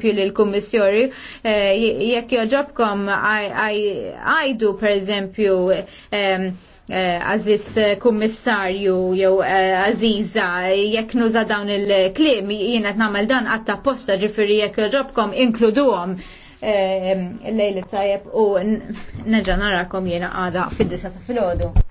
eżempju l kummissjoni jekk joġobkom għajdu per eżempju għaziz kummissarju jew għaziza jekk nuża dawn il-klim jiena nagħmel dan għatta posta ġifieri jekk joġobkom inkluduhom lejli tajjeb u neġa narakom jiena għada fid-disa ta' filgħodu.